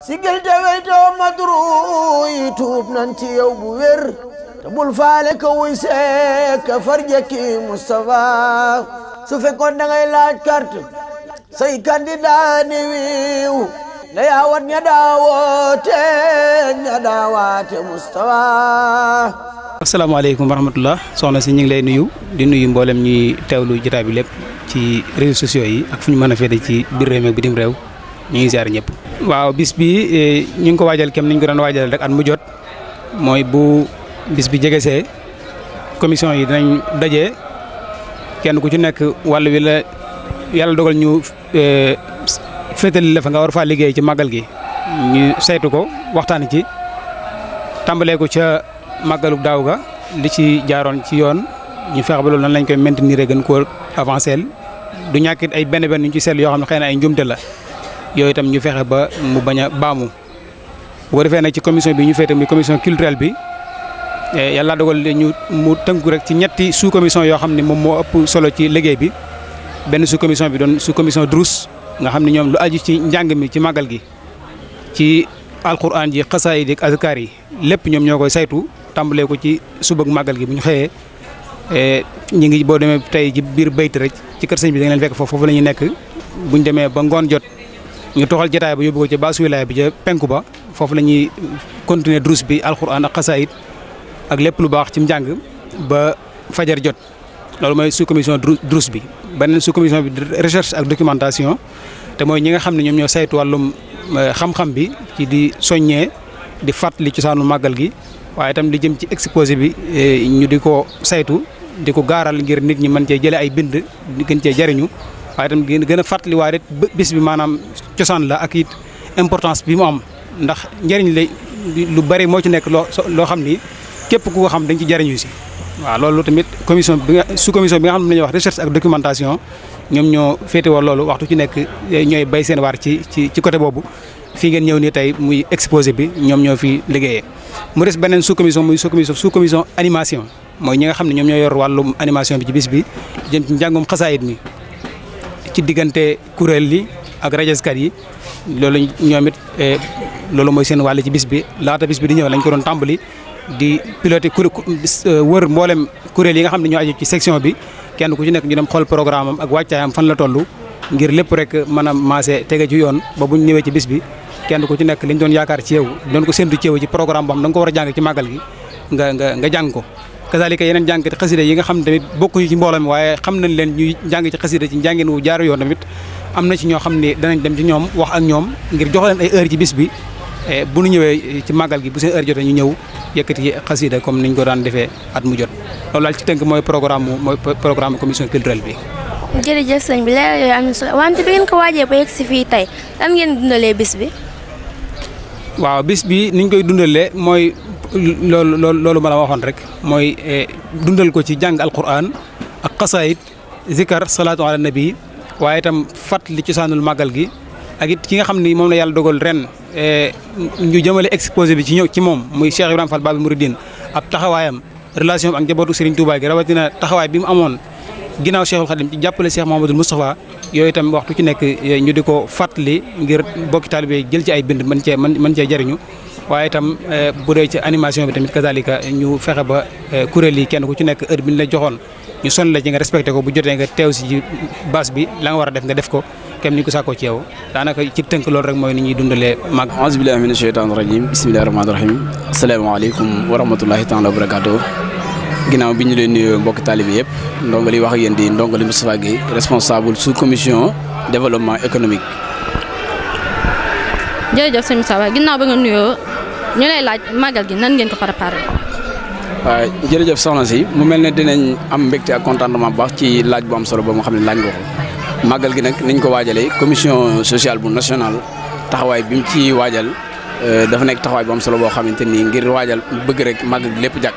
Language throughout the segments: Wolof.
sigil te weytoo madru yi tuub nan ci yow bu wér te bul faale ka wuy seek ka farjekki su fekkoon da laaj carte say candidat ni wiiw na yaawat ña daawoote ña daawaate Moustapha asalaamaaleykum soxna si ñu ngi lay nuyu di nuyu mboolem ñuy teewlu jotaay bi lépp ci réseaux sociaux yi ak fu ñu mën a féete ci biir réew mi bitim réew ñu ngi ñëpp. waaw bis bi eh, ñu ngi ko waajal kem ni ñu ko doon waajal rek at mu jot mooy bu bis bi see commission yi dinañ daje kenn ku ci nekk wàll wi la yàlla dogal ñu eh, féetali fa nga war faa liggéey ci màggal gi. ñu saytu ko waxtaan ci tàmbalee ko ca màggalu daaw ga li ci jaaroon ci yoon ñu fexe ba loolu nan lañ koy maintenir gën koo avancé du ñàkkit ay benn benn ñu ci seetlu yoo xam ne xëy na ay njumte la. yooyu itam ñu fexe ba mu bañ a baamu. bu ko defee nag ci commission bi ñu fay tamit commission culturelle bi eh, yàlla dogal ñu mu tënku rek ci ñetti sous commission yoo xam ne moom moo ëpp solo ci liggéey bi benn sous commission bi doon sous commission drous nga xam ne ñoom lu aju ci njàng mi ci màggal gi ci alquran ji xasaayid yi ak azkar yi lépp ñoom ñoo koy saytu tàmbalee ko ci subag màggal gi bu ñu xëyee eh, ñu ngi boo demee tey ci biir bayt rek ci kër bi da nga leen foofu la ñuy nekk bu demee ba ngoon jot ñu toxal jataay ba yóbbu ko ci baasu wilaaya bi ca penku ba foofu la ñuy continuer drus bi alxuraan ak xasaayit ak lépp lu baax ci njàng ba fajar jot loolu mooy sous commission drus bi beneen sous commission bi recherche ak documentation te mooy ñi nga xam ne ñoom ñoo saytu wàllum euh, xam bi ci di soññee di fàttali cosaanu màggal gi waaye itam li jëm ci exposé bi euh, ñu di ko saytu di ko gaaral ngir nit ñi mën cee jële ay bind gën cee jariñu waaye itam gën a fàttaliwaat it bis bi maanaam cosaan la ak it importance bi mu am ndax njariñ la lu bari moo ci nekk loo loo xam ni képp ku ko xam dañ ci jëriñu si. waaw loolu tamit commission bi nga sous commission bi nga xam ne dañuy wax recherche ak documentation ñoom ñoo féetewoo loolu waxtu ci nekk eh, ñooy bay seen waar ci ci ci côté boobu fii ngeen ñëw nii tey muy exposé bi ñoom ñoo fi liggéeyee. mu des beneen sous commission muy sous commission sous commission animation nga xam ne ñoom ñoo yor wàllum animation bi ci bis bi jëm ci njàngum xasaayit mi ci diggante kuréel li ak rajaskat yi loolu ñoom it eh, loolu mooy seen wàll ci bis bi laata bis bi di ñëw lañ ko doon tàmbali di piloté ku eh, wër mboolem kuréel yi nga xam ne ñoo aju ci section bi kenn ku ci nekk ñu dem xool programme am ak wàccaayam fan la toll ngir lépp rek mën a maase tege ci yoon ba buñ ñëwee ci bis bi kenn ku ci nekk liñ doon yaakaar ci yow doon ko séntu ci yow ci programme boo xam da nga ko war a jàng ci màggal gi nga nga nga jàng ko kazalika yeneen jàngati xasida yi nga xam ne tamit bokkuñu ci mbooloo waaye xam nañ leen ñuy jàng ci xasida ci njàngin wu jaaru yoon tamit am na ci ñoo xam ne danañ dem ci ñoom wax ak ñoom ngir jox leen ay heure ci bis bi eh, bu ñu ñëwee eh, ci màggal gi bu seen heure jotee ñu ñëw yëkkati xasida comme niñ ko daan defee at mu jot loolu daal ci tënk mooy programme commission culturelle bi jërëjëf sëñ bi leer yooyu am na solo wante bi ngeen ko waajee ba yegg si fii loolu loolu loolu ma la waxoon rek mooy eh, dundal ko ci jàng alquran ak xasaayit zikar salaatu ala nabi waaye tam itam fàttali cosaanul màggal gi ak it ki nga xam ni moom la yàlla dogal ren eh, ñu jëmale exposé bi ci ñëw ci moom muy Cheikh Ibrahima Fall Baabul Muridiin ab taxawaayam relation bi ak njabootu Serigne Touba gi rawatina taxawaay bi mu amoon ginnaaw Cheikhul Khadim ci jàppale Cheikh Mouhamadoul Moustapha yooyu itam waxtu ci nekk eh, ñu di ko fàttali ngir bokki taalibe jël ci ay bind mën cee mën cee jëriñu waaye itam eh, bu dee ci animation bi tamit kazalika ñu fexe ba eh, kuréel yi kenn ku ci nekk heure bi ñu joxoon ñu sonn la ci nga respecté ko bu jotee nga teew si ci bi la war a def nga def ko kem ni ko sàkkoo ci yow daanaka ci tënk lool rek mooy ni ñuy dundalee mag aouzu billahi mina sheytaani rajim bismillahi rahmaani rahim asalaamaaleykum wa rahmatullahi taala wa barakaatu ginnaaw bi ñu leen nuyoo mbokki taalibi yëpp ndongali wax ak yéen di ndongali Moustapha Gueye responsable sous commission développement économique jërëjëf sëñ ñu lay laaj màggal gi nan ngeen ko préparé. waaw jërëjëf soxna si mu mel ne dinañ am mbégte ak contentement bu baax ci laaj bu am solo ba mu xam ne laaj nga ko màggal gi nag niñ ko waajalee commission sociale bu nationale taxawaay bi mu ci waajal euh, dafa nekk taxawaay bu am solo boo xamante ni ngir waajal bëgg rek màggal gi lépp jàkk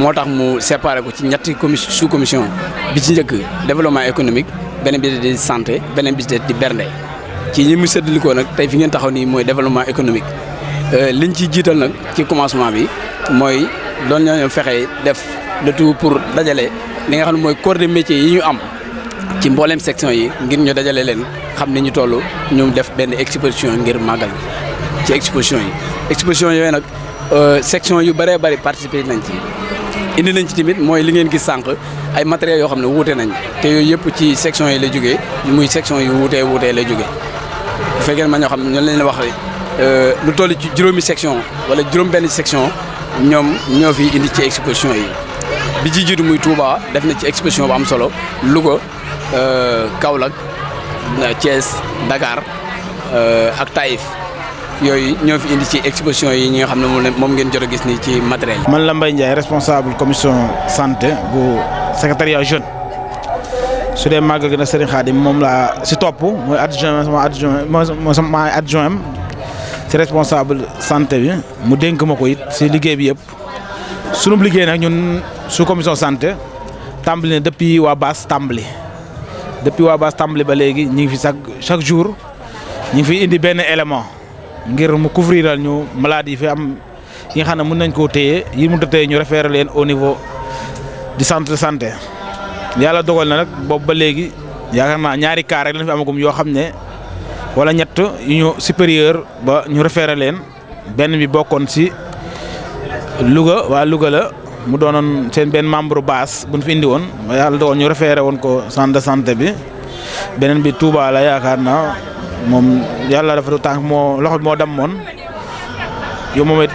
moo tax mu séparé ko ci ñetti comi sous commission bi ci njëkk développement économique beneen bi di santé beneen bi di bernde ci ñi mu séddale ko nag tey fi ngeen taxaw nii mooy développement économique. Euh, liñ ci jiital nag ci commencement bi mooy doon ñooñu fexe def le tout pour dajale li nga xam ne mooy corps de métier yi ñu am ci mbooleem section yi ngir ñu dajale leen xam ni ñu toll ñu def benn exposition ngir màggal ci exposition yi. exposition yooyu nag euh, section yu bëree bëri participer nañ ci indi nañ ci tamit mooy li ngeen gis sànq ay matériels yoo xam ne wuute nañ te yooyu yëpp ci section yi lay la jógee muy section yu wuutee wuutee lay jóge bu fekkee ma xam ne ñoo leen wax. Euh, lu toll ci juróomi section wala juróom-benn section ñoom ñoo fi indi ci exposition yi bi ci jiitu muy Touba def na ci exposition bu am solo Louga euh, Kaolack euh, Thiès Dakar ak Taïf yooyu ñoo fi indi ci exposition yi ñi nga xam ne moom ngeen jot a gis ni ci matériel yi. man la mbay Ndiaye responsable commission santé bu secrétariat jeune su dee màggal gi na Serigne Khadim moom laa si topp mooy adjoint sama adjoint mooy sama adjoint ci responsable santé bi mu dénk ma koy it si liggéey bi yëpp sunu liggéey nag ñun sous commission santé tàmbali na depuis waa base tàmbali depuis waa base tàmbali ba léegi ñu ngi fi chaque chaque jour ñu fi indi benn élément ngir mu couvriral ñu maladies yi fi am yi nga xam ne mën nañ koo téye yi mu téye ñu référé leen au niveau di centre de santé yàlla dogal na nag boobu ba léegi yaakaar naa ñaari cas rek lañ fi amagum yoo xam ne. wala ñett yu ñu supérieur ba ñu référé leen benn bi bokkoon si Louga waa Louga la mu doonoon seen benn membre base bu ñu fi indi woon yàlla doon ñu référé woon ko centre santé bi beneen bi Touba yaakaar naa moom yàlla dafa tànk moo loxo bi moo demoon yow moom it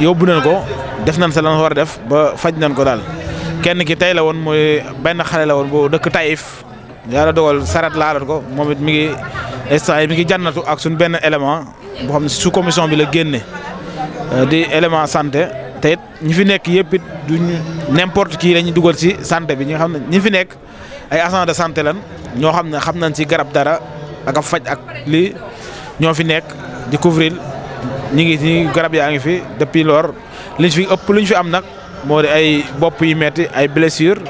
yóbbu nañ ko def nañ sa lan war a def ba faj nañ ko daal kenn ki tey la woon mooy benn xale la woon bu dëkk Taïf yàlla dogal saret laaloon ko moom mi ngi. instant mi ngi jànnatu ak suñ benn élément boo xam ne sous commission bi la génne euh, di élément santé te it ñi fi nekk yëpp it duñ n'importe kii lañuy dugal ci santé bi ñi nga xam ne ñi fi nekk ay agent de santé lan ñoo xam ne xam nañ ci garab dara ak faj ak li ñoo fi nekk di couvrir ñi ngi garab yaa ngi fi depuis lors liñ fi ëpp luñ fi am nag moo di ay bopp yu metti ay blessure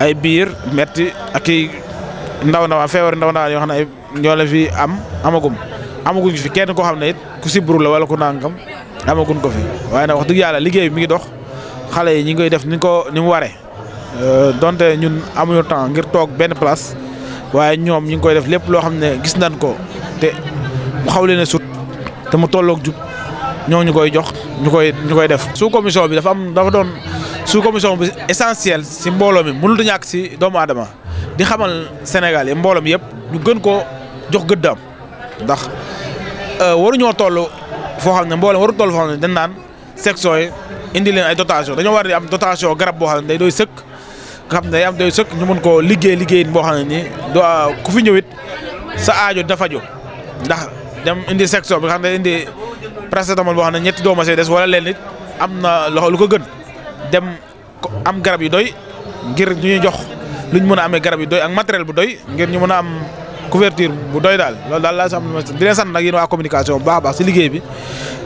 ay biir metti aki ndaw ndawaan feebar ndaw ndawaan yoo xam ne ñoo la fi am amagum amaguñ fi kenn koo xam ne it ku sibru la wala ku nangam amaguñ ko fi waaye nag wax dëgg yàlla liggéey bi mi ngi dox xale yi ñi ngi koy def ni ko ni mu waree euh, donte ñun amuñu temps ngir toog benn place waaye ñoom ñi ngi koy def lépp loo xam ne gis nañ ko te mu xaw leen a sut te mu tolloog jub ñoo ñu koy jox ñu koy ñu koy def. sous commission bi dafa am dafa doon sous commission bi essentiel si mbooloo mi mënut a ñàkk si doomu aadama di xamal Sénégal yi mbooloo mi yëpp ñu gën ko jox gëddaam ndax euh, waruñoo toll foo xam ne mboolem waru toll foo naan section yi indi leen ay dotation dañoo war di am dotation garab boo xam ne day dooy sëkk nga xam ne day am doy sëkk ñu mën koo liggéey liggéeyin boo xam ne nii doo euh, ku fi ñëwit sa aajo dafa jo ndax indi section bi nga ne indi paracetamol boo xam ne ñetti dooma see des wala leen nit am na loxo lu ko gën dem am garab yu doy ngir ñu ñuy jox ñu mën a amee garab yi doy ak matériel bu doy ngir ñu mën a am couverture bu doy daal loolu daal laa xam di leen sant nag yéen waa communication bu baax a baax si liggéey bi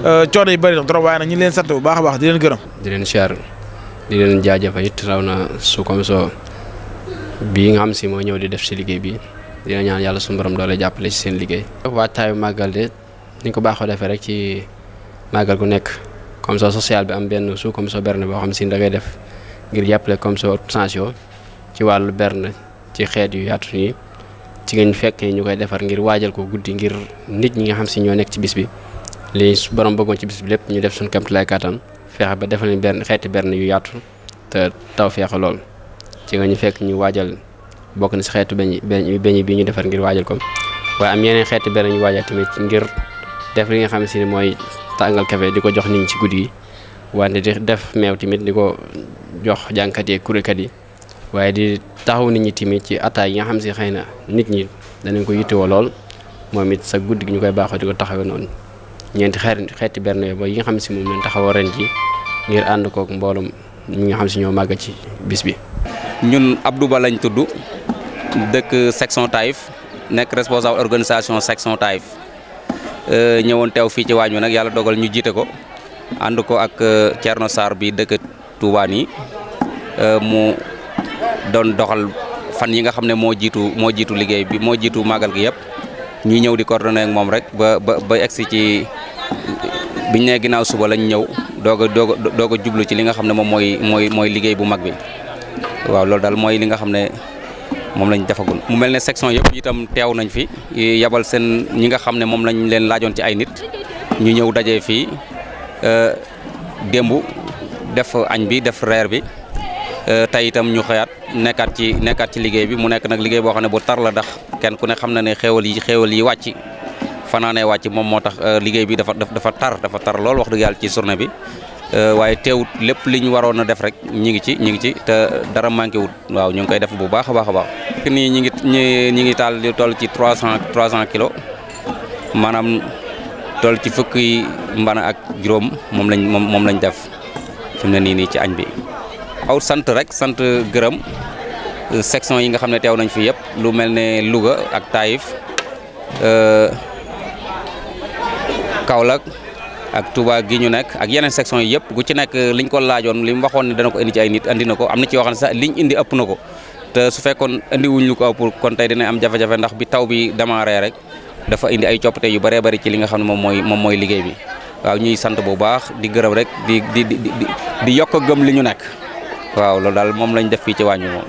euh, coono yi bëri na trop waaye nag ñu leen sant bu baax a baax di leen gërëm. di leen siyaar di leen jaajëfal it raw na su comme soo bii nga xam si mooy ñëw di def si liggéey bi dina ñaan yàlla suñu borom doole jàppale si seen liggéey. waa taayu màggal de ni ko baaxoo defee rek ci màggal gu nekk comme soo social bi am benn su comme soo berne boo xam si da ngay def ngir jàppale comme soo sensio ci wàllu berne ci xeet yu yaatu yi ci nga ñu fekkee ñu koy defar ngir waajal ko guddi ngir nit ñi nga xam si ñoo nekk ci bis bi li borom bëggoon ci bis bi lépp ñu def suñ suñu kamtulaay kàttan feex ba defal leen benn xeeti benn yu yaatu te taw feexe lool ci nga ñu fekk ñu waajal bokk na si xeetu beñ beñ bi ñu defar ngir waajal ko waaye am yeneen xeeti benn ñu waajal tamit ngir def li nga xam si ne mooy tàngal kafe di ko jox nit ñi ci guddi gi wante di def meew tamit di ko jox jànkat yi yi waaye di taxaw ni ñi timit ci attaques yi nga xam si xëy na nit ñi danañ ko yittewoo lool moom it sa guddi gi ñu koy baaxoo di ko taxawee noonu ñeenti xeer xeeti berne ba yi nga xam si moom leen taxawoo ren ji ngir ànd kook mboolum ñi nga xam si ñoo màgg ci bis bi. ñun Abdou Ba lañ tudd dëkk section Taïf nekk responsable organisation section Taïf euh, ñëwoon teew fii ci waañ wi nag yàlla dogal ñu jiite ko ànd ko ak euh, Thierno Sarr bi dëkk Touba yi doon doxal fan yi nga xam ne moo jiitu moo jiitu liggéey bi moo jiitu màggal gi yëpp ñuy ñëw di coordonné moom rek ba ba ba ci biñ ne ginnaaw suba lañ ñëw doog a doog jublu ci li nga xam ne moom mooy mooy mooy liggéey bu mag bi waaw loolu daal mooy li nga xam ne moom lañ defagul. mu mel ne section yëpp itam teew nañ fi yabal seen ñi nga xam ne moom lañ leen laajoon ci ay nit ñu ñëw daje fii euh, démb def añ bi def reer bi. Euh, tey itam ñu xëyaat nekkaat ci nekkaat ci liggéey bi mu nekk nag liggéey boo xam ne bu tar la ndax kenn ku ne xam na ne xéewal yi xéewal yi wàcc fanaanee wàcci moom moo tax euh, liggéey bi dafa dafa tar dafa tar lool wax dëgg yàlla ci journée bi euh, waaye teewut lépp li ñu waroon a def rek ñi ngi ci ñi ngi ci te dara manqué wut waaw ñu ngi koy def bu baax a baax a baax. nii ñi ngi ñi ngi taal di toll ci trois cent trois cent kilos maanaam toll ci fukki mbana ak juróom moom lañ moom moom lañ def fi mu ne nii nii ci añ bi. aw sant rek sant gërëm euh, section yi nga xam ne teew nañ fi yëpp lu mel ne Louga ak Taïf euh, Kaolack ak Touba gi ñu nekk ak yeneen section yi yëpp gu ci nekk liñ ko laajoon li waxoon ne dana ko indi ci ay nit andi na ko am na ci yoo xam ne sax liñ indi ëpp na ko te su fekkoon indiwuñ wuñ ñu ko pour kon tey dina am jafe-jafe ndax bi taw bi démarré rek dafa indi ay coppite yu bëree bëri ci li nga xam ne moom mooy moom mooy liggéey bi waaw ñuy sant bu baax di gërëm rek di di di yokk a gëm li ñu nekk. waaw loolu daal moom lañ def fii ci waañ wi